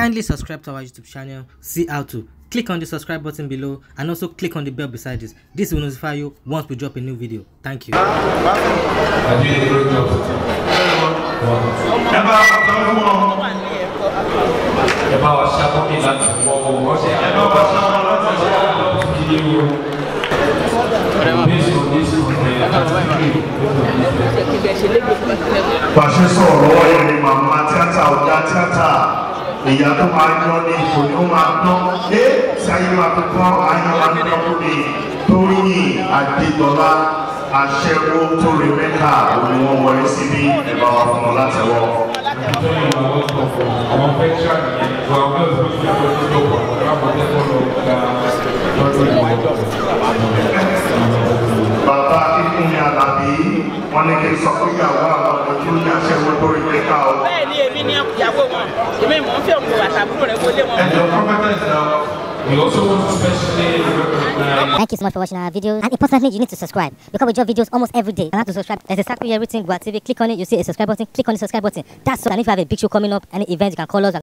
Kindly subscribe to our YouTube channel, see how to. Click on the subscribe button below and also click on the bell beside this. This will notify you once we drop a new video. Thank you. Pàṣẹ sọ̀rọ̀ lọ́wọ́ màmá tíátà ọ̀gá tíátà ìyá tó máa yọ ní kò ní ó máa tán ẹ sáyé máa tó tán ayé máa tán kó ní Tóyìn Adégbọlá aṣẹ́wó tó rí mẹ́ta òun wọn wọlé síbí ẹ bá wa fún wọn láti wọ. àwọn fẹ́ ṣàkíyèsí àwọn fẹ́ ṣàkíyèsí àwọn fẹ́ ṣàkíyèsí àwọn fẹ́ ṣàkíyèsí o emi ni won ń àtàbúrò rẹ̀ wọlé wọn. we also want to specially recognize. Thank you so much for watching our video and importantly you need to subscribe because we drop videos almost every day and have to subscribe there's exactly everything Gboah TV click on it you see a subscribe button click on the subscribe button that's all and if you have a big show coming up any event you can call us